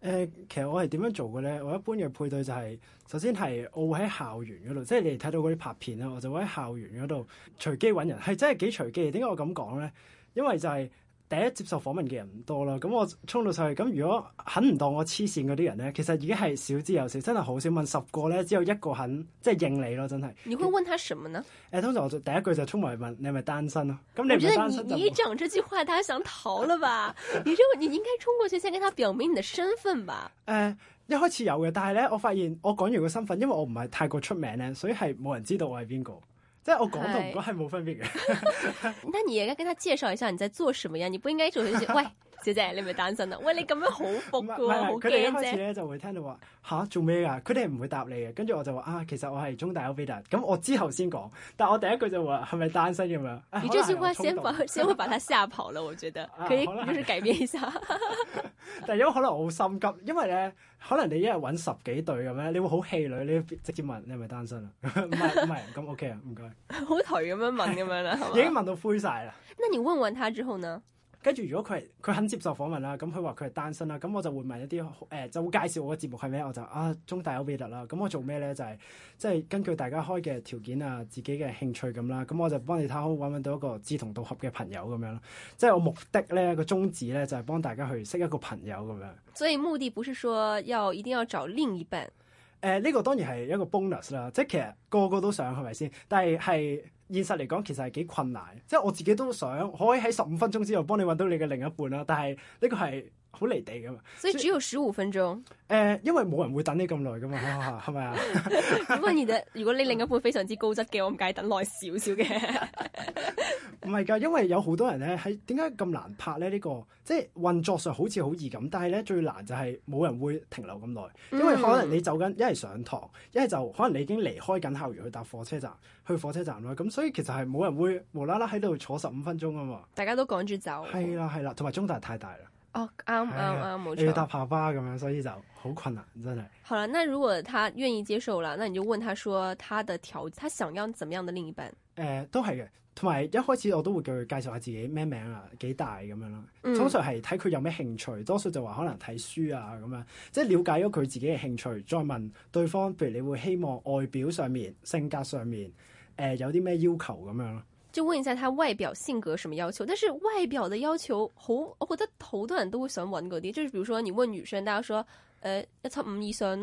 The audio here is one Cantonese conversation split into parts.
誒、呃，其實我係點樣做嘅咧？我一般嘅配對就係、是，首先係我會喺校園嗰度，即係你哋睇到嗰啲拍片啦，我就會喺校園嗰度隨機揾人，係真係幾隨機。點解我咁講咧？因為就係、是。第一接受訪問嘅人唔多啦，咁、嗯嗯、我衝到上去，咁如果肯唔當我黐線嗰啲人咧，其實已經係少之又少，真係好少問十個咧，只有一個肯即係認你咯，真係。你會問他什麼呢？誒，通常我第一句就衝埋問你係咪單身啊？」咁你唔單身就冇。我覺得你講這句話，大家想逃了吧？ 你就你應該衝過去先跟他表明你嘅身份吧。誒、 呃，一開始有嘅，但係咧，我發現我講完個身份，因為我唔係太過出名咧，所以係冇人知道我係邊個。即係我講到唔講係冇分別嘅、哎。但 你而家跟他介紹一下，你在做什麼呀？你不應該做啲，喂，小姐，姐，你咪單身啊？喂，你咁樣好搏噶、哦，好驚啫。佢哋一開始咧就會聽到話，吓做咩啊？佢哋唔會答你嘅。跟住我就話啊，其實我係中大歐比達，咁我之後先講。但我第一句就話係咪單身咁樣？啊、你這句話先把先會把他吓跑了，我覺得，可能就是改變一下。但係因為可能我好心急，因為咧。可能你一日揾十幾對咁咧，你會好氣餒，你直接問你係咪單身啊？唔係唔係，咁 OK 啊，唔該。好頹咁樣問咁樣啦，已經問到灰晒啦。那你問完他之後呢？跟住如果佢佢肯接受訪問啦，咁佢話佢係單身啦，咁我就會問一啲誒、呃，就會介紹我嘅節目係咩，我就啊中大有比特啦，咁我做咩咧？就係即係根據大家開嘅條件啊，自己嘅興趣咁啦，咁我就幫你睇下搵搵到一個志同道合嘅朋友咁樣咯。即係我的目的咧個宗旨咧就係、是、幫大家去識一個朋友咁樣。所以目的不是說要一定要找另一半。誒呢、呃這個當然係一個 bonus 啦，即係其實個個都想係咪先？但係係現實嚟講，其實係幾困難。即係我自己都想，可以喺十五分鐘之後幫你揾到你嘅另一半啦。但係呢個係，好離地噶嘛，所以只要十五分鐘。誒、呃，因為冇人會等你咁耐噶嘛，係咪 啊？咁啊，而且如果你另一半非常之高質嘅，我唔介意等耐少少嘅。唔係噶，因為有好多人咧，喺點解咁難拍咧？呢、這個即係運作上好似好易咁，但係咧，最難就係冇人會停留咁耐，因為可能你走緊一係上堂，一係就可能你已經離開緊校園去搭火車站，去火車站啦。咁所以其實係冇人會無啦啦喺度坐十五分鐘啊嘛。大家都趕住走，係啦係啦，同埋、啊啊、中大太大啦。哦，啱啱啱，冇錯，要搭炮巴咁樣，所以就好困難真係。好了，那如果他願意接受了，那你就問他說，他的條件，他想要怎麼樣的另一半？誒、呃，都係嘅，同埋一開始我都會叫佢介紹下自己咩名啊，幾大咁樣咯。嗯、通常係睇佢有咩興趣，多數就話可能睇書啊咁樣，即係了解咗佢自己嘅興趣，再問對方，譬如你會希望外表上面、性格上面，誒、呃，有啲咩要求咁樣咯。就問一下，他外表性格什麼要求？但是外表的要求，好多人都會想搵嗰啲，就是，比如說你問女生，大家說，誒、欸，一七五以上囉？誒、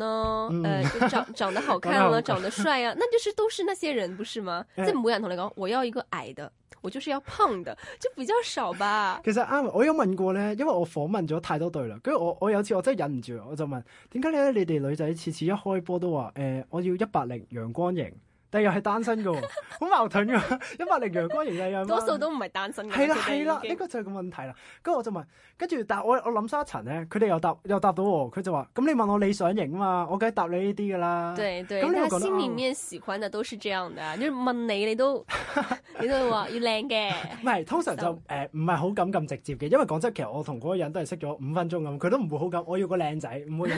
嗯，欸、就長長得好看了， 長得帥啊， 那就是都是那些人，不是嗎？欸、即係冇人同你講，我要一個矮的，我就是要胖的，就比較少吧。其實啱，我有問過咧，因為我訪問咗太多對啦，跟住我我有一次我真係忍唔住，我就問，點解咧？你哋女仔次次一開波都話，誒、呃，我要一百零陽光型。第日又係單身噶，好 矛盾噶，因為你陽光型嘅人， 多數都唔係單身。係啦係啦，應該、啊啊這個、就係個問題啦。咁我就問，跟住但係我我諗深一層咧，佢哋又答又答，又答到我，佢就話：咁你問我理想型啊嘛，我梗係答你呢啲噶啦。對對，咁你心裡面喜歡的都是這樣的，你、就是、問你你都 你都話要靚嘅。唔係， 通常就誒唔係好敢咁直接嘅，因為講真，其實我同嗰人都係識咗五分鐘咁，佢都唔會好敢。我要個靚仔，唔會。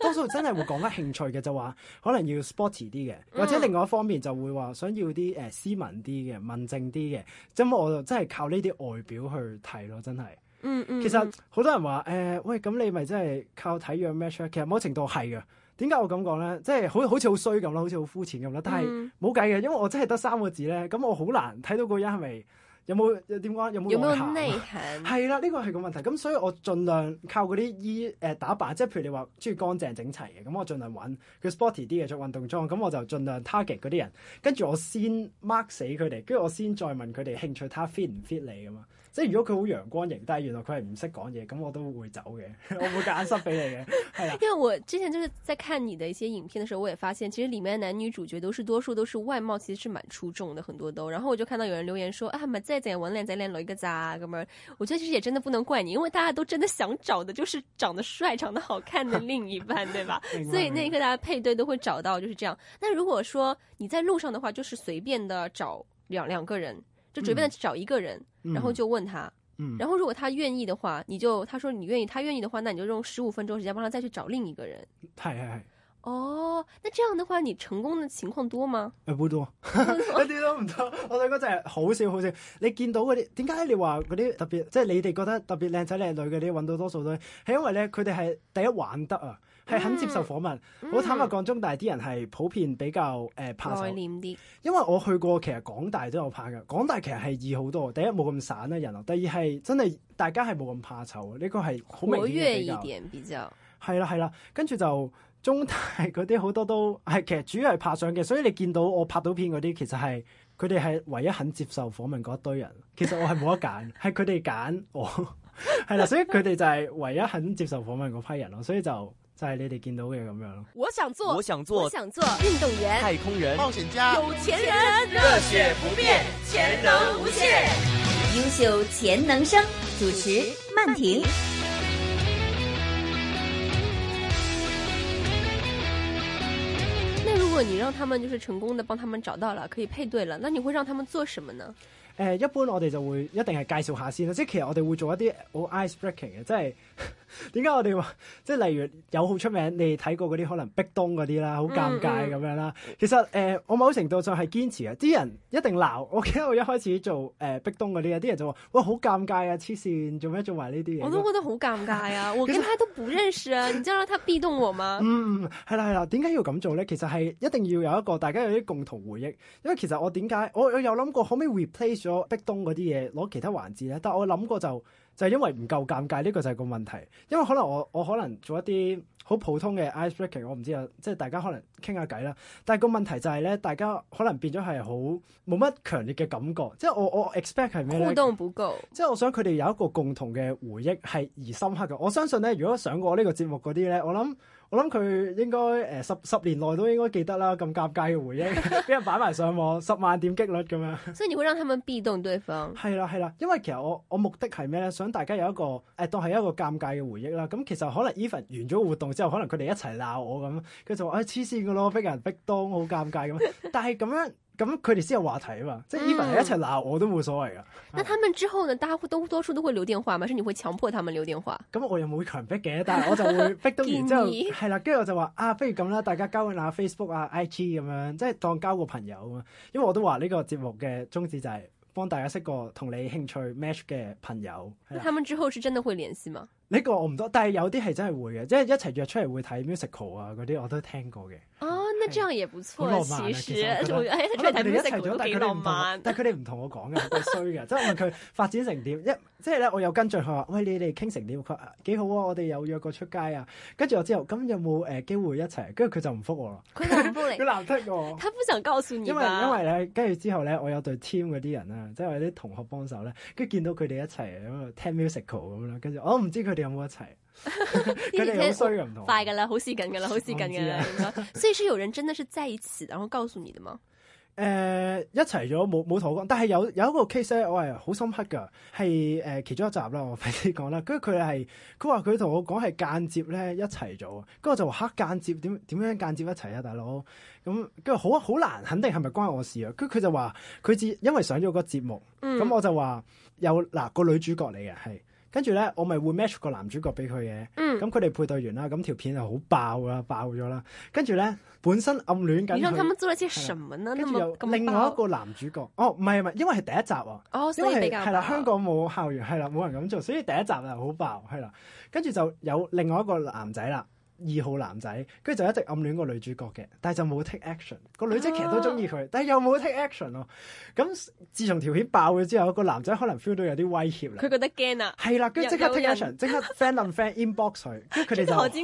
多數真係會講得興趣嘅，就話、是、可能要 sporty 啲嘅，或者另外一方。 嗯面就會話想要啲誒、呃、斯文啲嘅、文靜啲嘅，咁我就真係靠呢啲外表去睇咯，真係、嗯。嗯嗯，其實好多人話誒、呃，喂，咁你咪真係靠睇樣 match 啊，其實某程度係嘅。點解我咁講咧？即係好好似好衰咁啦，好似好，好膚淺咁啦。但係冇計嘅，因為我真係得三個字咧，咁我好難睇到嗰人係咪。有冇又點講？有冇有，有，有內涵？係啦， 呢、這個係個問題。咁所以我盡量靠嗰啲衣誒、呃、打扮，即係譬如你話中意乾淨整齊嘅，咁我盡量揾佢 sporty 啲嘅著運動裝，咁我就盡量 target 嗰啲人，跟住我先 mark 死佢哋，跟住我先再問佢哋興趣，他 fit 唔 fit 你咁啊？即係如果佢好陽光型，但係原來佢係唔識講嘢，咁我都會走嘅，我會夾硬塞俾你嘅，係啦 的。因為我之前就是在看你的一些影片的時候，我也發現其實裡面男女主角都是多數都是外貌其實是蠻出眾的，很多都。然後我就看到有人留言說啊，再怎，再練再練，攞一個渣哥們。我覺得其實也真的不能怪你，因為大家都真的想找的就是長得帥、長得好看的另一半， 對吧？ 所以那一刻大家配對都會找到，就是這樣。但如果說你在路上的話，就是隨便的找兩兩個人。就隨便找一個人，嗯、然後就問他，嗯、然後如果他願意的話，你就他說你願意，他願意的話，那你就用十五分鐘時間幫他再去找另一個人。係係係，哦，oh, 那這樣的話你成功的情況多嗎？唔會、哎、多，一 啲都唔多。我哋嗰陣係好少好少。你見到嗰啲，點解你話嗰啲特別，即係你哋覺得特別靚仔靚女嗰啲，你搵到多數都係因為咧，佢哋係第一玩得啊。係肯接受訪問，好、嗯、坦白講，中大啲人係普遍比較誒怕醜，呃、因為我去過，其實港大都有怕嘅。港大其實係易好多，第一冇咁散啦人，第二係真係大家係冇咁怕醜，呢、呢個係好明顯嘅。活一點比較，係啦，係啦，跟住就中大嗰啲好多都係其實主要係怕相嘅，所以你見到我拍到片嗰啲，其實係佢哋係唯一肯接受訪問嗰一堆人。其實我係冇得揀，係佢哋揀我係啦， 所以佢哋就係唯一肯接受訪問嗰批人咯，所以就。就係你哋見到我嘅，咁樣咯，我想做，我想做，我想做運動員、太空人、冒險家、有錢人，熱血不變，潛能無限，優秀潛能生，主持曼婷。嗯、停那如果你讓他們就是成功的幫他們找到了可以配對了，那你會讓他們做什麼呢？誒、呃，一般我哋就會一定係介紹下先啦，即係其實我哋會做一啲好 ice breaking 嘅，即係。點解我哋話即係例如有好出名，你睇過嗰啲可能壁咚嗰啲啦，好尷尬咁樣啦。嗯嗯、其實誒、呃，我某程度上係堅持嘅，啲人一定鬧。我記得我一開始做誒、呃、壁咚嗰啲啊，啲人就話哇好尷尬啊，黐線做咩做埋呢啲嘢。我都覺得好尷尬啊， 實我跟他都不認識啊， 你知道他壁咚我嗎？嗯嗯，係啦係啦，點解要咁做咧？其實係一定要有一個大家有啲共同回憶，因為其實我點解我我有諗過可唔可以 replace 咗壁咚嗰啲嘢，攞其他環節咧？但係我諗過就。就係因為唔夠尷尬，呢個就係個問題。因為可能我我可能做一啲好普通嘅 ice breaking，我唔知啊，即係大家可能傾下偈啦。但係個問題就係咧，大家可能變咗係好冇乜強烈嘅感覺。即係我我 expect 係咩咧？互動不夠。即係我想佢哋有一個共同嘅回憶係而深刻嘅。我相信咧，如果上過呢個節目嗰啲咧，我諗。我諗佢應該誒、呃、十十年內都應該記得啦，咁尷尬嘅回憶，俾 人擺埋上網，十萬點擊率咁樣。 所以你會讓他們避動對方？係啦係啦，因為其實我我目的係咩咧？想大家有一個誒、欸，當係一個尷尬嘅回憶啦。咁、嗯、其實可能 even 完咗個活動之後，可能佢哋一齊鬧我咁，佢就話誒黐綫㗎咯，逼人逼到好尷尬咁。但係咁樣。 咁佢哋先有話題啊嘛，即係 even 係一齊鬧我、嗯、都冇所謂噶。那他們之後呢？大家都多，多數都會留電話嘛，是唔是你會強迫他們留電話？咁我又冇強迫嘅，但係我就會逼到完之後係啦，跟住 尼我就話啊，不如咁啦，大家交下 Facebook 啊、IG 咁樣，即係當交個朋友啊。因為我都話呢個節目嘅宗旨就係幫大家識個同你興趣 match 嘅朋友。那他們之後是真的會聯繫嘛？呢個我唔多，但係有啲係真係會嘅，即係一齊約出嚟會睇 musical 啊嗰啲我都聽過嘅。啊那 這樣也不錯，啊、其實我，佢哋一齊做，都幾浪漫，但佢哋唔同我講嘅，好衰嘅。即、就、係、是、問佢發展成點， 一即係咧，就是、我又跟住佢話，喂，你哋傾成點？佢幾好啊，我哋有約過出街啊。跟住我之後，咁、嗯、有冇誒機會一齊？跟住佢就唔覆我啦。佢唔覆你，難 得我。他不想告訴你因。因為因為咧，跟住之後咧，我有對 team 嗰啲人啦，即、就、係、是、我啲同學幫手咧，跟住見到佢哋一齊喺度聽 musical 咁啦，跟住我唔知佢哋有冇一齊。佢哋好衰嘅唔同、嗯，快噶啦，好屎緊噶啦，好屎緊噶啦。 所以是有人真的是在一起，然後告訴你的嗎？誒、呃，一齊咗冇冇同我講，但係有有一個 case 咧、欸，我係好深刻噶，係誒、呃、其中一集啦，我快啲講啦。它它跟佢係，佢話佢同我講係間接咧一齊咗，跟住我就話黑間接點點樣間接一齊啊，大佬咁，跟住好好難，肯定係咪關我事啊？跟住佢就話佢節因為上咗個節目，咁我就話有嗱個女主角嚟嘅係。跟住咧，我咪會 match 個男主角俾佢嘅。嗯。咁佢哋配對完啦，咁條片就好爆啦，爆咗啦。跟住咧，本身暗戀緊。咁咁做什麼呢啲神文啦，咁爆。跟住又另外一個男主角，咁咁爆？哦，唔係唔係，因為係第一集啊。哦，所以比較爆。因為係啦，香港冇校園，係啦，冇人咁做，所以第一集就、啊、好爆，係啦。跟住就有另外一個男仔啦。二號男仔，跟住就一直暗戀個女主角嘅，但係就冇 take action。個女仔其實都中意佢，oh. 但係又冇 take action 咯。咁自從條片爆咗之後，個男仔可能 feel 到有啲威脅啦。佢覺得驚啊！係啦，跟住即刻 take 人 action，即刻 friend 暗 friend inbox 佢，跟住佢哋就何展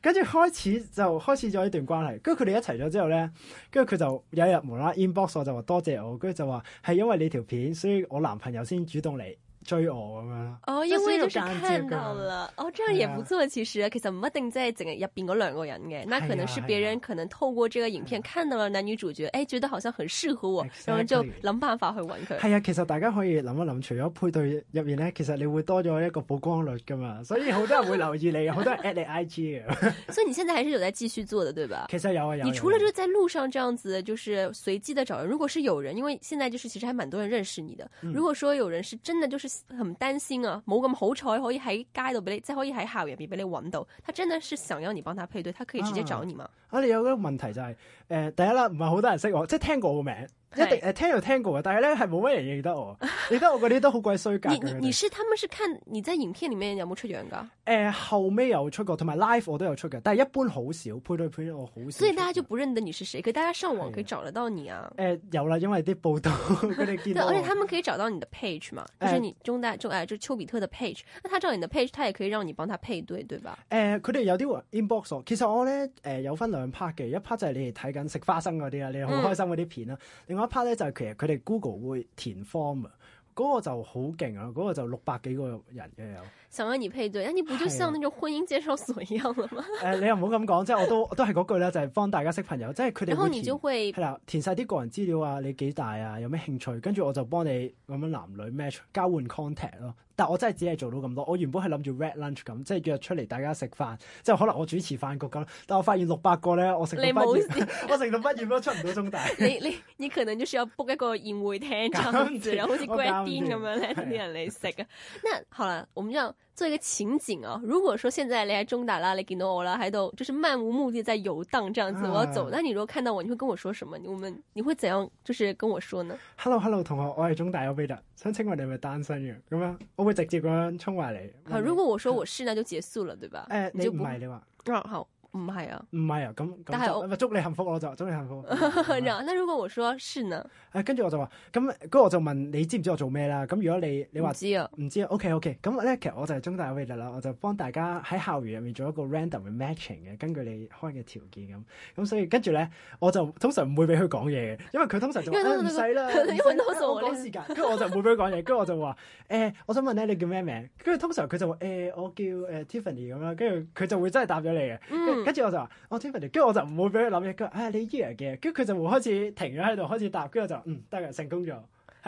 跟住開始就開始咗一段關係。跟住佢哋一齊咗之後咧，跟住佢就有一日無啦 inbox 我就話多謝我，跟住就話係因為你條片，所以我男朋友先主動嚟。追我咁樣哦，因為就是看到了，哦，這樣也不錯。其實，其實唔一定在整個入邊嗰兩個人嘅，那可能是別人可能透過這個影片看到了男女主角，誒，覺得好像很適合我，然後就諗辦法去揾佢。係啊，其實大家可以諗一諗，除咗配對入面咧，其實你會多咗一個曝光率㗎嘛，所以好多人會留意你，好多人 at 你 IG 啊。所以你現在還是有在繼續做的對吧？其實有啊有。你除了就在路上這樣子，就是隨機的找人。如果是有人，因為現在就是其實還蠻多人認識你的。如果說有人是真的，就是。唔擔心啊，冇咁好彩可以喺街度俾你，即係可以喺校園入邊俾你揾到。佢真係想要有人幫佢，配對，佢可以直接找你嘛。啊,啊，你有一個問題就係，誒，第一啦，唔係好多人識我，即係聽過我個名。一定誒聽就聽過嘅，但係咧係冇乜人認得我，你得我嗰啲都好鬼衰格嘅。 你你你是他們是看你在影片裏面有冇出鏡噶？誒、呃，後尾有出過，同埋 live 我都有出嘅，但係一般好少，配對配我好少。所以大家就不認得你是誰，可大家上網可以找得到你啊？誒、呃，有啦，因為啲報道佢哋見到。 對，而且他們可以找到你的 page 嘛，就是你中大中、呃、就誒，就丘比特的 page。那他照你的 page，他也可以讓你幫他配對，對吧？誒、呃，佢哋有啲 inbox，其實我咧誒、呃、有分兩 part 嘅，一 part 就係你哋睇緊食花生嗰啲啦，你哋好開心嗰啲片啦。嗯有一 part 咧就係、是、其實佢哋 Google 會填 form 啊，嗰個就好勁啊，嗰、那個就六百幾個人嘅有。想揾你配對，咁你不就像嗰種婚姻介紹所一樣嗎？誒、啊呃，你又唔好咁講， 即係我都我都係嗰句啦，就係、是、幫大家識朋友，即係佢哋。然後你就會係啦、啊，填晒啲個人資料啊，你幾大啊，有咩興趣，跟住我就幫你咁樣男女 match、交換 contact 咯、啊。但我真係只係做到咁多，我原本係諗住 rat lunch 咁，即係約出嚟大家食飯，即係可能我主持飯局咁。但我發現六百個咧，我食到畢業，沒 我食到畢業都出唔到中大 你。你你你可能就是要 book 一個宴會廳咁樣子，好似 grad dinner 咁樣咧，啲人嚟食啊。是的 那好啦，我們就～做一個情景啊，如果說現在你喺中大啦，你見到我啦，喺度就是漫無目的在遊蕩這樣子，我要走，啊、但你如果看到我，你會跟我說什麼？我們你會怎樣，就是跟我說呢？Hello，Hello，hello, 同學，我係中大有彼得，想請問你係咪單身嘅？咁樣，我會直接咁樣衝埋你。啊，如果我說我是，那、啊、就結束了，對吧？誒、呃，你唔係你的話？嗯、啊，好。唔係啊，唔係啊，咁咁但係我祝你幸福，我就祝你幸福。咁如果我說是呢？誒，跟住我就話，咁，跟住我就問你知唔知我做咩啦？咁如果你你話知啊，唔知啊？OK OK，咁咧其實我就係中大為例啦，我就幫大家喺校園入面做一個 random matching 嘅，根據你開嘅條件咁，咁所以跟住咧，我就通常唔會俾佢講嘢嘅，因為佢通常就唔使啦，因為多我攞時間，跟住我就唔會俾佢講嘢，跟住我就話，誒，我想問咧，你叫咩名？跟住通常佢就話，誒，我叫誒 Tiffany 咁樣，跟住佢就會真係答咗你嘅。跟住我就話，我聽唔明，跟住我就唔會俾佢諗嘢。佢話，啊、ah，你依樣嘅。跟住佢就會開始停咗喺度，開始答。跟住我就嗯，得、um, 嘅，成功咗。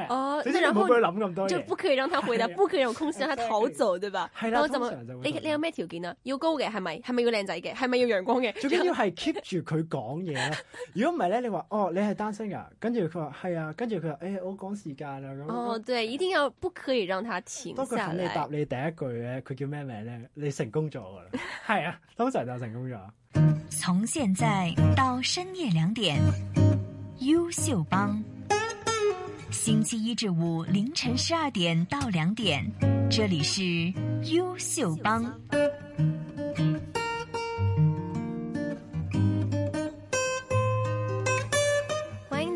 哦，那然後就不可以讓他回答，不可以有空隙讓他逃走，對吧？係啦，通常就會。你你有咩條件啊？要高嘅係咪？係咪要靚仔嘅？係咪要陽光嘅？最緊要係 keep 住佢講嘢。如果唔係咧，你話哦，你係單身噶，跟住佢話係啊，跟住佢話誒，我趕時間啦咁。哦，對，一定要不可以讓他停下來。不過佢你答你第一句咧，佢叫咩名咧？你成功咗噶啦。係啊，通常就成功咗。從現在到深夜兩點，優秀幫。星期一至五凌晨十二點到兩點，這裏是優秀幫。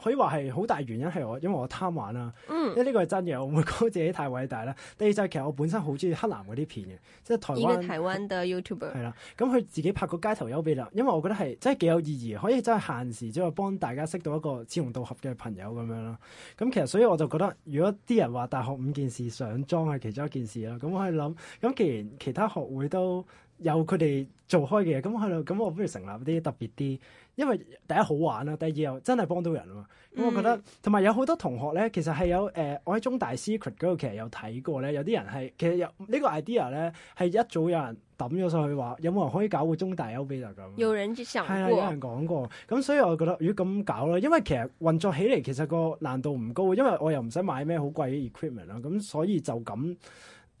可以話係好大原因係我，因為我貪玩啦。嗯、因為呢個係真嘅，我唔會講自己太偉大啦。第二就係其實我本身好中意黑男嗰啲片嘅，即係台,台灣嘅 YouTuber。係啦，咁佢自己拍個街頭優美啦，因為我覺得係真係幾有意義，可以真係閒時即係幫大家識到一個志同道合嘅朋友咁樣咯。咁其實所以我就覺得，如果啲人話大學五件事上莊係其中一件事啦，咁我係諗，咁既然其他學會都有佢哋做開嘅嘢，咁係咯，咁我不如成立啲特別啲。因為第一好玩啦，第二又真係幫到人啊嘛，咁、嗯、我覺得同埋有好多同學咧，其實係有誒、呃，我喺中大 secret 嗰度其實有睇過咧，有啲人係其實有、這個、呢個 idea 咧，係一早有人抌咗上去話，有冇人可以搞個中大歐比咁，有人就想過，係啊，有人講過，咁所以我覺得如果咁搞咧，因為其實運作起嚟其實個難度唔高，因為我又唔使買咩好貴嘅 equipment 啦，咁所以就咁。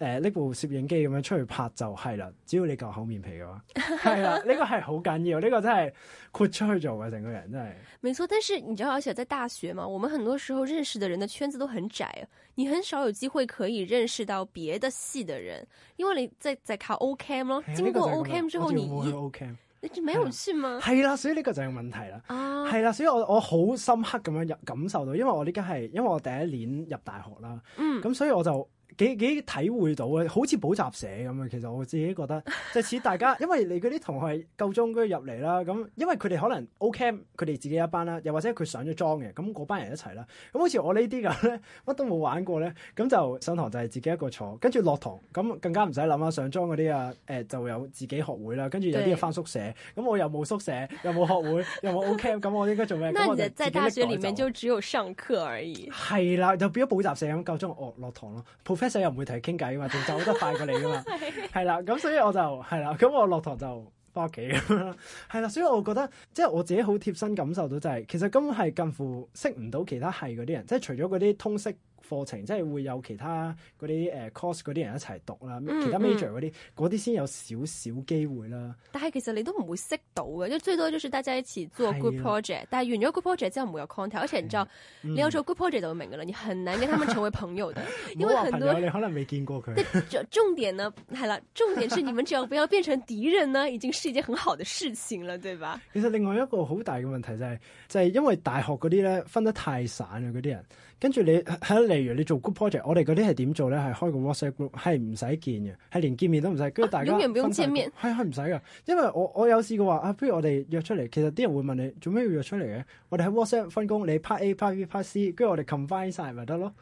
誒，呢、呃、部攝影機咁樣出去拍就係啦，只要你夠厚面皮嘅話，係啦， 呢、這個係好緊要，呢、這個真係豁出去做嘅，成個人真係。沒錯，但是你知道，而且在大學嘛，我們很多時候認識的人嘅圈子都很窄、啊，你很少有機會可以認識到別的系的人，因為你即係靠 O Camp 咯，哎、經過 O Camp 之後你，哎這個、就會你 O Camp，以、啊、你唔算嘛？係啦、啊，所以呢個就係問題啦。係啦、啊啊，所以我我好深刻咁樣感受到，因為我呢家係因為我第一年入大學啦，嗯，咁所以我就。幾幾體會到嘅，好似補習社咁啊！其實我自己覺得，就似、是、大家，因為你嗰啲同學係夠鐘嗰入嚟啦，咁因為佢哋可能 Ocamp 佢哋自己一班啦，又或者佢上咗莊嘅，咁嗰班人一齊啦，咁好似我呢啲人咧，乜都冇玩過咧，咁就上堂就係自己一個坐，跟住落堂咁更加唔使諗啦，上莊嗰啲啊，誒就有自己學會啦，跟住有啲返宿舍，咁我又冇宿舍，又冇學會，又冇 Ocamp 咁我應該做咩？ 那在大學裏面就，就只有上課而已。係啦，就變咗補習社咁夠鐘落堂咯。所以又唔會同佢傾偈噶嘛，仲走得快過你噶嘛，係啦 是。咁所以我就係啦，咁我落堂就翻屋企咁啦，係 啦。所以我覺得即係我自己好貼身感受到、就係，就係其實根本係近乎識唔到其他係嗰啲人，即係除咗嗰啲通識。課程即係會有其他嗰啲誒 course 嗰啲人一齊讀啦，嗯、其他 major 嗰啲啲先有少少機會啦。但係其實你都唔會識到嘅，就最多就是大家一齊做 good project 的。但係完咗 good project 之後唔會有 contact，的而且你知道、嗯、你有做 good project 就明嘅啦，你很難跟他們成為朋友嘅。 有說 因為很多朋友你可能未見過佢。重 重點呢，好了，重點是你們只要不要變成敵人呢，已經是一件很好的事情了，對吧？其實另外一個好大嘅問題就係、是，就係、是、因為大學嗰啲咧分得太散啊，嗰啲人。跟住你喺例如你做 group project，我哋嗰啲係點做咧？係開個 WhatsApp group，係唔使見嘅，係連見面都唔使。跟住大家、啊、唔用唔用見面，係係唔使噶。因為我我有試過話啊，不如我哋約出嚟。其實啲人會問你做咩要約出嚟嘅？我哋喺 WhatsApp 分工，你 part A、part B、part C，跟住我哋 combine 晒咪得咯。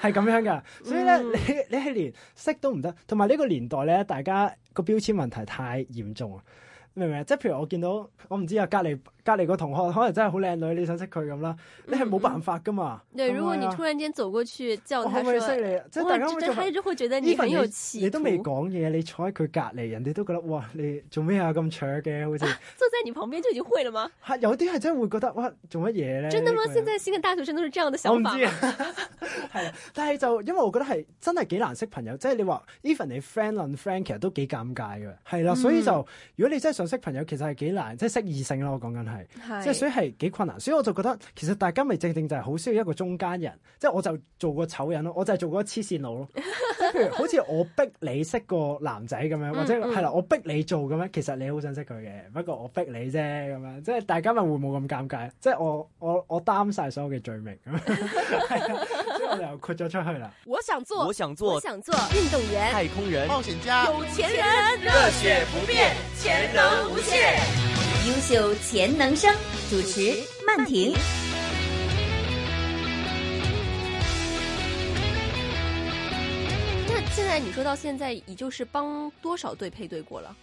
係咁樣噶。所以咧，嗯、 你你係連識都唔得，同埋呢個年代咧，大家個標籤問題太嚴重啊！明唔明啊？即係譬如我見到我唔知啊，隔籬。隔籬個同學可能真係好靚女，你想識佢，咁啦，你係冇辦法噶嘛？對，如果你突然間走過去叫佢，好犀利，即係突然間佢就會覺得你很有企圖。你都未講嘢，你坐喺佢隔籬，人哋都覺得哇，你做咩啊咁蠢嘅？好似坐在你旁邊就已經會了嘛。有啲係真係會覺得哇，做乜嘢咧？真的嗎？現在新嘅大學生都是這樣嘅想法。我唔知啊，係，但係就因為我覺得係真係幾難識朋友，即係你話 even 你 friend 論 friend 其實都幾尷尬嘅，係啦。所以就如果你真係想識朋友，其實係幾難，即係識異性咯。我講緊係。係，即係是所以係幾困難，所以我就覺得其實大家咪正正就係好需要一個中間人，即係我就做個醜人咯，我就係做個黐線佬咯。即係譬如好似我逼你識個男仔咁樣，嗯嗯或者係啦，我逼你做咁樣，其實你好想識佢嘅，不過我逼你啫咁樣，即係大家咪會冇咁尷尬。即係我我我擔晒所有嘅罪名，係啊，我哋又豁咗出去啦。我想做我想做我想做運動員、太空人、冒險家、有錢人、熱血不變、潛能無限。人.優秀潛能生主持曼婷，那現在你說到現在，已就是幫多少隊配對過了？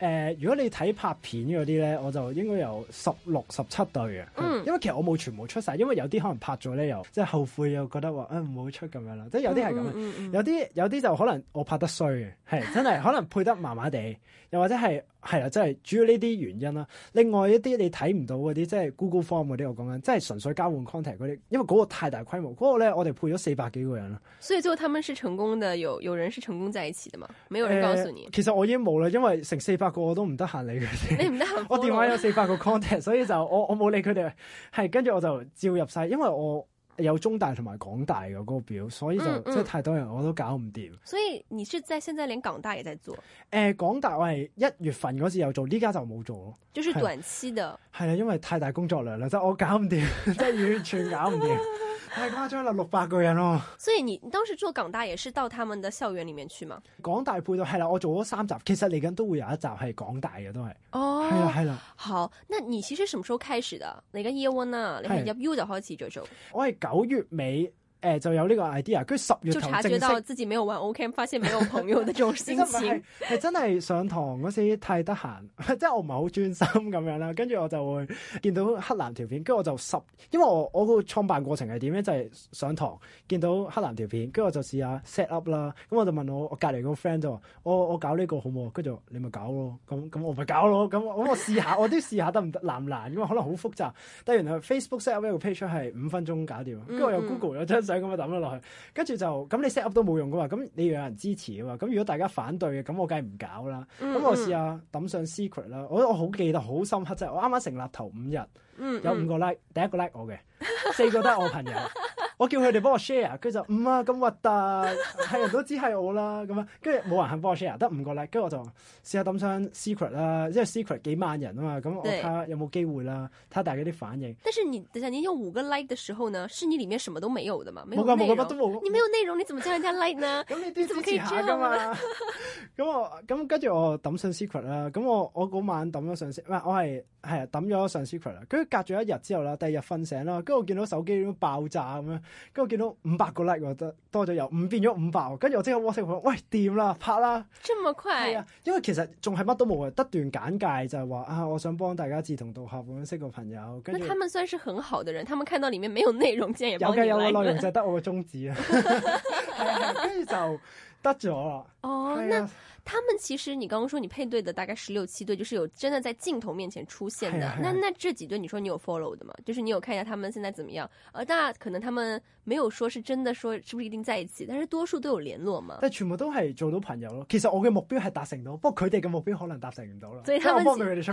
誒，如果你睇拍片嗰啲咧，我就應該有十六、十七隊嘅。嗯，因為其實我冇全部出晒，因為有啲可能拍咗咧又即係後悔，又覺得話誒唔好出咁樣啦。即係有啲係咁樣，有啲有啲就可能我拍得衰嘅，係真係可能配得麻麻地，又 或者係。係啊，真係主要呢啲原因啦。另外一啲你睇唔到嗰啲，即係 Google Form 嗰啲，我講緊，即係純粹交換 contact 嗰啲，因為嗰個太大規模，嗰、嗰個咧我哋配咗四百幾個人啦。所以最後他們是成功的，有有人是成功在一起的嘛？沒有人告訴你。呃、其實我已經冇啦，因為成四百個我都唔得閒理佢哋。你唔得閒， 我電話有四百個 contact，所以就我我冇理佢哋。係，跟住我就照入晒，因為我。有中大同埋港大嘅嗰、那個表，所以就即係、嗯嗯、太多人，我都搞唔掂。所以你是在現在連港大也在做？誒、呃，港大我係一月份嗰時有做，呢家就冇做咯。就是短期的。係啊，因為太大工作量啦，即係我搞唔掂，即係 完全搞唔掂。 太誇張啦，六百個人囉！所以你當時做港大也是到他們的校園裏面去嘛？港大配套係啦，我做咗三集，其實嚟緊都會有一集係港大嘅，都係哦，係啦，oh，係啦。好，那你其實什麼時候開始嘅？嚟緊 year one 啊，你係入 U 就開始咗做？我係九月尾。誒、欸、就有呢個 idea，跟住十月就察覺到自己冇玩 Ocamp， 發現冇有朋友呢這種心情真係上堂嗰時太得閒，即 係我唔係好專心咁樣啦。跟住我就會見到黑藍條片，跟住我就十因為我我個創辦過程係點咧？就係、是、上堂見到黑藍條片，跟住我就試下 set up 啦。咁我就問我我隔離個 friend 就話：我我，我搞呢個好冇？跟住你咪搞咯。咁咁我咪搞咯。咁咁我試下， 我都試下得唔得？難唔難咁啊，因為可能好複雜。但原來 Facebook set up 一個 page 係五分鐘搞掂，跟住我又 Google 咗張相。 咁啊，抌咗落去，跟住就咁你 set up 都冇用噶嘛，咁你要有人支持啊嘛，咁如果大家反對嘅，咁我梗係唔搞啦。咁、嗯嗯、我試下抌上 secret 啦，我我好記得好深刻就係、是、我啱啱成立頭五日，嗯嗯有五個 like，第一個 like 我嘅，四個都係我朋友。 我叫佢哋幫我 share，佢就唔、嗯、啊咁核突，係人都知係我啦咁樣。跟住冇人肯幫我 share，得五個 like。跟住我就試下抌上 secret 啦，因為 secret 幾萬人啊嘛，咁我睇下有冇機會啦，睇下大家啲反應。但係你等下你用五個 like 嘅時候呢？是你裡面什麼都沒有的嘛？冇噶冇噶，乜都冇。你冇有內容，你怎麼叫人家 like 呢？咁 你都要支持下嘛，咁 我咁跟住我抌上 secret 啦。咁我我嗰晚抌咗上 secret，唔係我係，係抌咗上 secret。跟住隔咗一日之後啦，第二日瞓醒啦，跟住我見到手機爆炸咁樣。跟住我見到五百個 like，我得多咗由五變咗五百，跟住我即刻 WhatsApp 佢，喂，掂啦，拍啦，咁快？係啊，因為其實仲係乜都冇，得段簡介就係話啊，我想幫大家志同道合，想識個朋友，跟住，那他們算是很好的人，他們看到裏面沒有內容，竟然有嘅，有個內容就得我個宗旨。啊，跟住就得咗啦，哦、oh，哎呀，他們其實你剛剛說你配對的大概十六七對，就是有真的在鏡頭面前出現的。 那那這幾對，你說你有 follow 的嗎？就是你有看一下他們現在怎麼樣？呃，大家可能他們沒有說是真的說是不是一定在一起，但是多數都有聯絡嘛。但全部都係做到朋友咯。其實我嘅目標係達成到，不過佢哋嘅目標可能達成唔到咯。所以我幫佢哋出。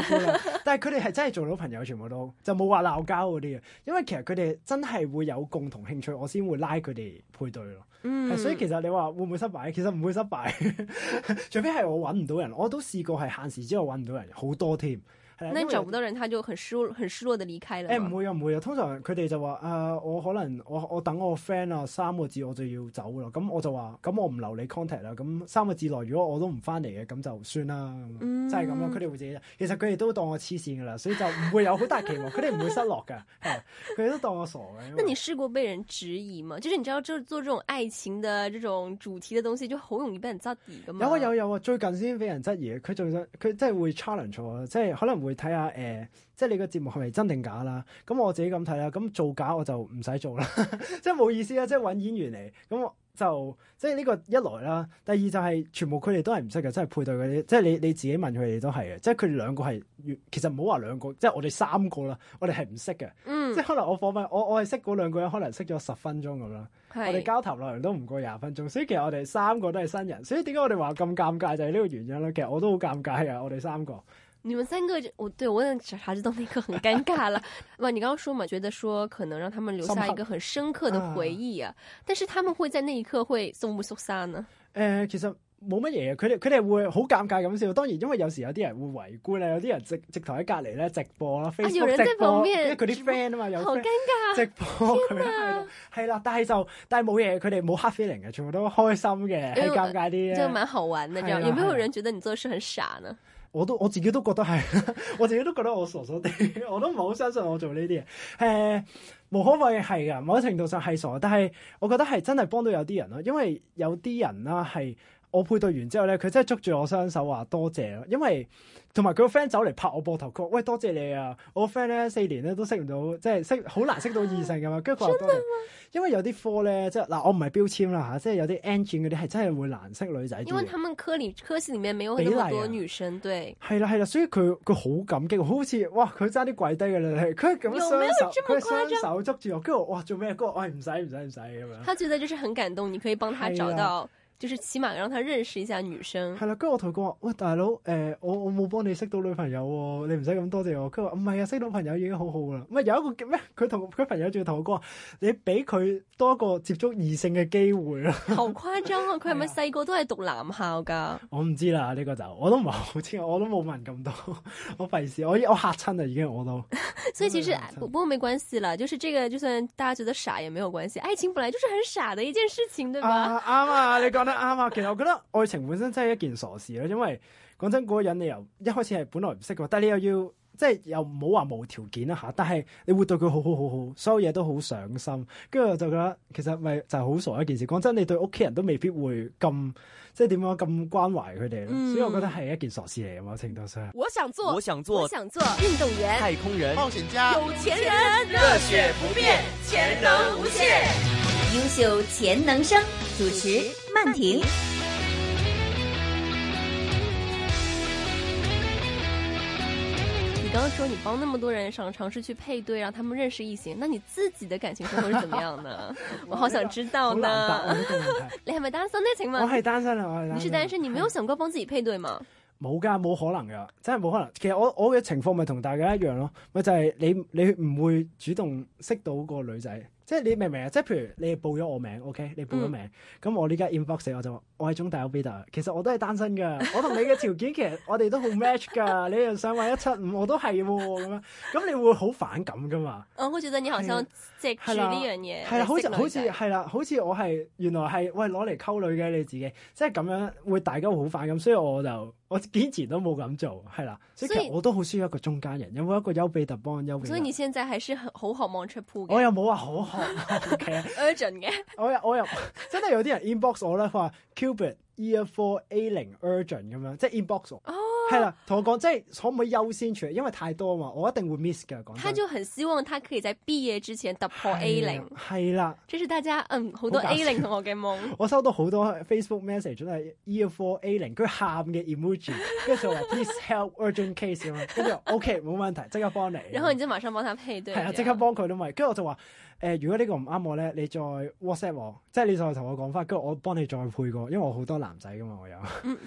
但係佢哋係真係做到朋友，全部都就冇話鬧交嗰啲嘅。因為其實佢哋真係會有共同興趣，我先會拉佢哋配對咯。嗯，所以其實你話會唔會失敗？其實唔會失敗， 除非係我揾唔到人。我都試過係限時之外揾唔到人，好多添。因為找不到人，他就很失落很失落地離開了。誒，唔會啊唔會啊，通常佢哋就話：呃「誒我可能我我等我 friend 啊三個字我就要走啦，咁我就話咁我唔留你 contact 啦，咁三個字內如果我都唔翻嚟嘅，咁就算啦，即係咁咯。佢哋會自己，其實佢哋都當我黐線噶啦，所以就唔會有好大期望，佢哋唔會失落噶。佢哋 都當我傻嘅。你試過被人質疑嘛？就是你知道，就做這種愛情嘅這種主題嘅東西，就好容易被人質疑噶嘛。有啊，有有啊，最近先俾人質疑，佢仲想佢真係會 challenge 我，即係可能會。睇下誒，即係你個節目係咪真定假啦？咁我自己咁睇啦。咁造假我就唔使做啦， 即係冇意思啦。即係搵演員嚟，咁就即係呢個一來啦。第二就係全部佢哋都係唔識嘅，即係配對嗰啲，即係你你自己問佢哋都係嘅。即係佢哋兩個係，其實唔好話兩個，即係我哋三個啦，我哋係唔識嘅。即係可能我訪問我我係識嗰兩個人，可能識咗十分鐘咁啦。是我哋交頭落嚟，都唔過廿分鐘，所以其實我哋三個都係新人。所以點解我哋話咁尷尬就係呢個原因啦。其實我都好尷尬啊，我哋三個。你們三個，對我對我諗，察覺到那一刻很尷尬啦。唔， 你剛剛說嘛，覺得說可能讓他們留下一個很深刻的回憶啊。啊但是他們會在那一刻會送不受傷呢？誒、呃，其實冇乜嘢，佢哋佢哋會好尷尬咁笑。當然，因為有時有啲人會圍觀啊，有啲人直直頭喺隔籬咧直播啦，有人喺旁邊因為佢啲 friend 啊嘛，有好尷尬，直播係啦哪。 但係就但係冇嘢，佢哋冇 hard feeling 嘅，全部都開心嘅，係尷為尬啲，即就蠻好玩嘅。樣有沒有人覺得你做事很傻呢？我都我自己都覺得係， 我自己都覺得我傻傻地， 我都唔係好相信我做呢啲嘢。誒、欸，無可謂係㗎，某程度上係傻，但係我覺得係真係幫到有啲人咯，因為有啲人啦係。我配對完之後咧，佢真係捉住我雙手話多謝咯。因為同埋佢個 friend 走嚟拍我膊頭，佢話喂，多謝你啊！我個 friend 咧四年咧都識唔到，即係識好難識到異性嘛。啊」跟住佢話。因為有啲科咧，即係嗱，我唔係標籤啦吓，即係有啲 engine 嗰啲係真係會難識女仔。因為他們科裏科室裏面沒有那麼多女生，啊、對。係啦係啦，所以佢佢好感激，好似哇，佢差啲跪低噶啦，佢咁雙手，佢雙手捉住我，跟住我哇，做咩？佢話唔使唔使唔使咁樣。佢覺得就是很感動，你可以幫他找到、啊。就是起碼讓他認識一下女生、嗯。係啦，跟住我同佢講話，喂，大佬，誒、呃，我我冇幫你識到女朋友喎、哦，你唔使咁多謝我。佢話唔係啊，識到朋友已經好好啦。唔係有一個咩？佢同佢朋友仲要同我講話，你俾佢多一個接觸異性嘅機會啦。好誇張啊！佢係咪細個都係讀男校噶、 嗯？我唔知啦，呢、這個就我都唔係好知，我都冇問咁多，我費事，我我嚇親啊，已經我，我都。 所以其實孩不，不過沒關係啦，就是這個就算大家覺得傻也沒有關係，愛情本來就是很傻的一件事情，對吧？啱啊，你講。 啱啊， 其實我覺得愛情本身真係一件傻事咧，因為講真，嗰個人你由一開始係本來唔識嘅，但係你又要即係又唔好話無條件啦吓，但係你會對佢好好好好，所有嘢都好上心，跟住就覺得其實咪就係好傻一件事。講真，你對屋企人都未必會咁即係點樣咁關懷佢哋咯，所以我覺得係一件傻事嚟嘅某程度上。我想做，我想做，我想做運動員、太空人、冒險家、有錢人，熱血不變，潛能無限。優秀潛能生主持曼婷， 你剛剛說你幫那麼多人想嘗試去配對，讓他們認識異性，那你自己的感情生活是怎麼樣呢？ 我好想知道呢。 你係咪 單身呢？請問。我係單身啊！我係你是單身，是你沒有想過幫自己配對嗎？冇噶，冇可能噶，真係冇可能。其實我我嘅情況咪同大家一樣咯，咪就係、是、你你唔會主動識到個女仔。即係你明唔明啊？即係譬如你報咗我名，OK？你報咗名，咁、嗯、我呢家 inbox 我就話，我係中大 o b d 其實我都係單身噶。我同你嘅條件其實我哋都好 match 噶。 你又想話一七五，我都係咁樣。咁你會好反感噶嘛、嗯？我覺得你後生藉住呢樣嘢，係啦，啦，好似好似係啦，好似我係原來係喂攞嚟溝女嘅你自己，即係咁樣會大家會好反感，所以我就。我堅持都冇咁做，係啦，所以其實我都好需要一個中間人，有冇一個優比特幫優比？所以你現在還是好渴望出鋪嘅？我又冇話好渴 OK urgent 嘅，我又，我又真係有啲人 inbox 我咧，佢話 c u b e r E Four A 零 urgent 咁樣，即係 inbox 我。係啦，同我講即係可唔可以優先處理，因為太多啊嘛，我一定會 miss 嘅。講佢，他就很希望他可以在畢業之前突破 A 零。係啦，即是大家嗯好多 A 零同我嘅夢。我收到好多 Facebook message 都、e、係 year four A 零，佢喊嘅 emoji，跟住就話 please help urgent case 咁樣，跟住 OK 冇問題，即刻幫你。 然後你就馬上幫他配對，係啊，即刻幫佢都咪，跟住後我就話。誒，如果呢個唔啱我咧，你再 WhatsApp 我，即係你再同我講翻，跟住我幫你再配過，因為我好多男仔噶嘛，我有。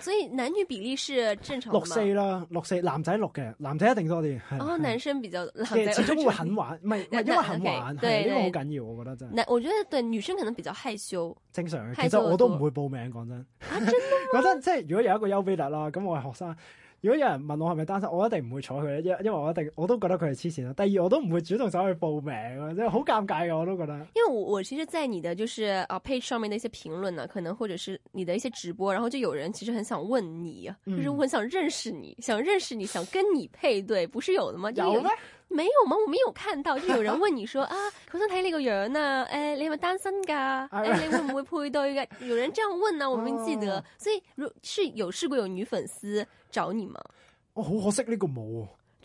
所以男女比例係正常。六四啦，六四男仔六嘅，男仔一定多啲哦，男生比較。即係始終會肯玩，唔係唔係因為肯玩係呢個好緊要，我覺得真係。我覺得對女生可能比較害羞。正常，其實我都唔會報名，講真。啊，真？講真，即係如果有一個優卑特啦，咁我係學生。如果有人問我係咪單身，我一定唔會睬佢，因因為我一定我都覺得佢係黐線啦。第二，我都唔會主動走去報名，即係好尷尬嘅，我都覺得。因為我我其實在你的就是啊 page 上面的一些評論呢、啊，可能或者是你的一些直播，然後就有人其實很想問你，就是我很想認識你，想認識你，想跟你配對，不是有的嗎？ 有咩？沒有嗎？我沒有看到，就有人問你說 啊，我想睇你個樣啊？誒、哎，你係咪單身噶？誒、 哎，你會唔會配對噶？有人這樣問呢、啊，我唔記得，oh. 所以若是有試過有女粉絲找你嗎？我、oh, 好可惜呢個冇、哦。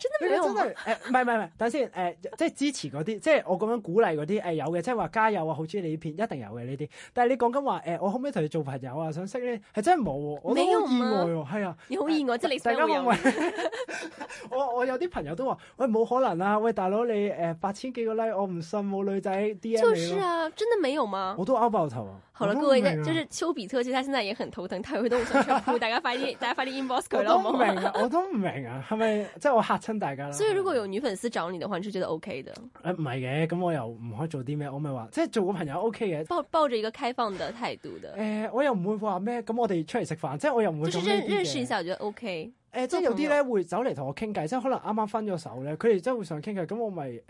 真係唔係誒唔係唔係唔係，等先，誒即係支持嗰啲，即係我咁樣鼓勵嗰啲，誒有嘅，即係話加油啊，好中意你呢片，一定有嘅呢啲。但係你講緊話，誒我可唔可以同你做朋友啊，想識咧，係真係冇，我都意外喎，係啊，你好意外，即係你想我，我我有啲朋友都話，喂冇可能啊，喂大佬你誒八千幾個 like，我唔信冇女仔 D M 你咯。就是啊，真係沒有嗎？我都 out 爆頭啊！好啦，各位，即係丘比特，佢家現在已經很頭疼，睇佢都好想出庫，大家快啲，大家快啲 inbox 佢咯。我明啊，我都唔明啊，係咪即係我吓？所以如果有女粉絲找你的話，你就覺得 O K 嘅？誒唔係嘅，咁我又唔可以做啲咩？我咪話即係做個朋友 O K 嘅，抱抱着一個開放嘅態度嘅。誒、呃，我又唔會話咩？咁我哋出嚟食飯，即係我又唔會做呢啲嘅。認識一下我覺得 O、OK, K、呃。誒，即係有啲咧會走嚟同我傾偈、呃，即係可能啱啱分咗手咧，佢哋真係會想傾偈，咁我咪誒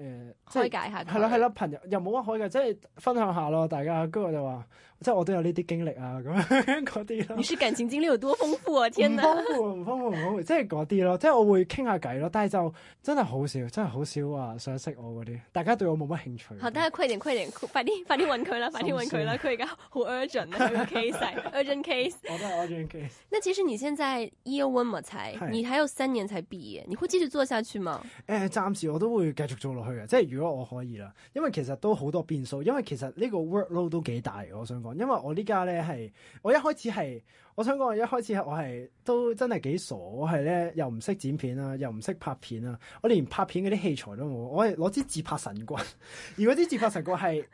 開解下。係啦係啦，朋友又冇乜開解，即係分享下咯，大家。跟住我就話。即係我都有呢啲經歷啊，咁樣嗰啲咯。你是感情經歷有多豐富啊？天啊！豐富唔豐富唔豐富， 即係嗰啲咯，即係我會傾下偈咯。但係就真係好少，真係好少話想識我嗰啲，大家對我冇乜興趣。好，大家快點快點，快啲快啲揾佢啦，快啲揾佢啦，佢而家好 urgent 啊，case urgent case。我都係 urgent case。那其實你現在 year one 嘛，才你還有三年才畢業，你會繼續做下去嗎？誒、呃，暫時我都會繼續做落去嘅，即係如果我可以啦。因為其實都好多變數，因為其實呢個 work load 都幾大，我想講。因為我呢家咧係我一開始係。我想講一開始我係都真係幾傻，我係咧又唔識剪片啊，又唔識拍片啊，我連拍片嗰啲器材都冇，我係攞支自拍神棍，而 果啲自拍神棍係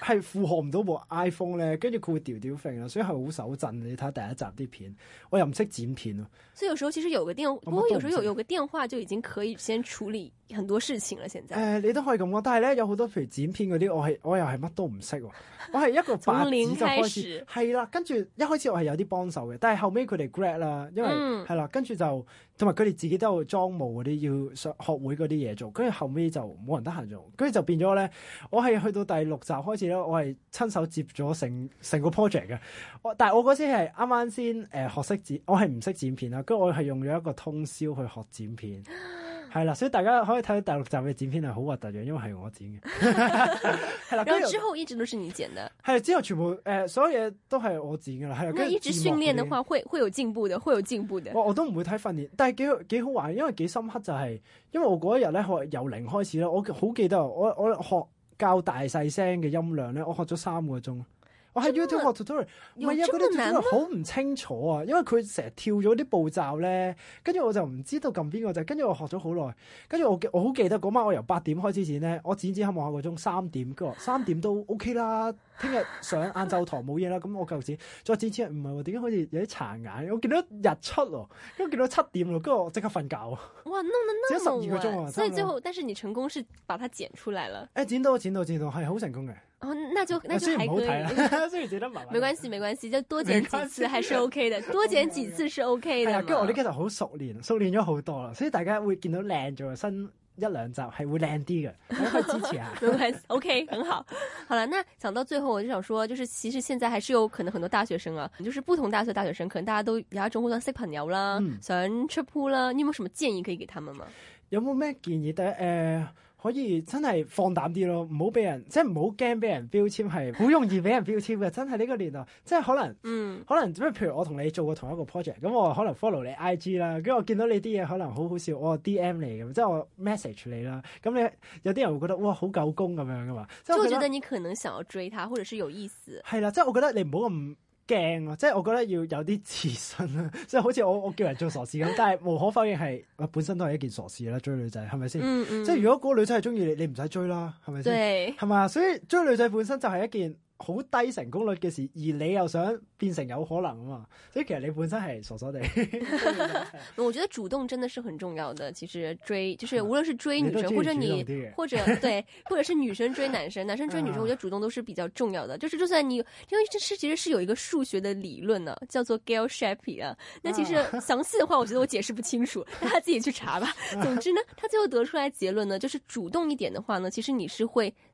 係負荷唔到部 iPhone 咧，跟住佢會吊吊揈啊，所以係好手震。你睇下第一集啲片，我又唔識剪片咯。所以有時候其實有個電話，不,不過有時候有有個電話就已經可以先處理很多事情啦。現在誒、呃，你都可以咁講，但係咧有好多譬如剪片嗰啲，我係我又係乜都唔識，我係一個白紙就開始係 啦。跟住一開始我係有啲幫手嘅。但係後尾佢哋 grad 啦，因為係啦，嗯、跟住就同埋佢哋自己都有裝模嗰啲，要學學會嗰啲嘢做。跟住後尾就冇人得閒做，跟住就變咗咧。我係去到第六集開始咧，我係親手接咗成成個 project 嘅。我但係我嗰時係啱啱先誒學識剪，我係唔識剪片啦。跟住我係用咗一個通宵去學剪片。係啦，所以大家可以睇到第六集嘅剪片係好核突嘅，因為係我剪嘅。係啦，然後之後一直都是你剪嘅。係之後全部誒、呃，所有嘢都係我剪噶啦。咁一直訓練嘅話，會會有進步嘅，會有進步嘅！我我都唔會睇訓練，但係幾幾好玩，因為幾深刻就係、是，因為我嗰一日咧學由零開始咧，我好記得，我我學較大細聲嘅音量咧，我學咗三個鐘。我喺、 啊、YouTube 學 tutorial，唔係啊，嗰啲 tutorial 好唔清楚啊，因為佢成日跳咗啲步驟咧，跟住我就唔知道撳邊個就係，跟住我學咗好耐，跟住我我好記得嗰晚我由八點開始剪咧，我剪剪下望下個鐘三點，跟住話三點都 OK 啦。 聽日上晏晝堂冇嘢啦，咁我繼續再剪次。唔係喎，點解好似有啲殘眼？我見到日出咯，因為見到七點咯，跟住我即刻瞓覺喎。哇，弄得那麼晚，十二個鐘，所以最後，但是你成功是把它剪出來了。誒、欸，剪到剪到剪到，係好成功嘅。哦，那就那就唔好睇啦，雖然 剪得麻麻。沒關係，冇關係，就多剪幾次，還是 OK 嘅。多剪幾次是 OK 嘅。 OK 的。跟住、哎、我哋其實好熟練，熟練咗好多啦，所以大家會見到靚咗身。新一兩集係會靚啲嘅，多 支持啊，冇關係，OK， 很好，好啦，那講到最後，我就想說，就是其實現在還是有可能很多大學生啊，就是不同大學嘅大學生，可能大家都有中種想識朋友啦，嗯、想出鋪啦，你有冇什麼建議可以給他們嘛？有冇咩建議？誒、呃，可以真係放膽啲咯，唔好俾人即係唔好驚俾人標籤，係好容易俾人標籤嘅， 真係呢個年代，即係可能，嗯，可能，因為譬如我同你做過同一個 project，咁我可能 follow 你 IG 啦，跟住我見到你啲嘢可能好好笑，我 DM 你咁，即係我 message 你啦，咁你有啲人會覺得哇好狗公咁樣噶嘛，即係我覺得，覺得你可能想要追他，或者是有意思。係啦，即係我覺得你唔好咁。驚啊，即係我覺得要有啲自信啊。即係 所以好似我我叫人做傻事咁， 但係無可否認係，本身都係一件傻事啦，追女仔係咪先？嗯嗯，即係如果嗰個女仔係中意你，你唔使追啦，係咪先？係嘛對？所以追女仔本身就係一件。好低成功率嘅事，而你又想變成有可能啊嘛，所以其實你本身係傻傻地。我覺得主動真的是很重要的，其實追就是無論是追女生或者你或者對，或者是女生追男生， 男生追女生，我覺得主動都是比較重要的。就是就算你因為這是其實是有一個數學的理論呢，啊，叫做 Gale-Shapley 啊，那其實詳細的話，我覺得我解釋不清楚， 大家自己去查吧。總之呢，他最後得出來結論呢，就是主動一點的話呢，其實你是會。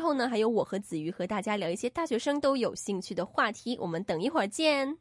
之後呢，還有我和子瑜和大家聊一些大學生都有興趣的話題，我們等一會兒見。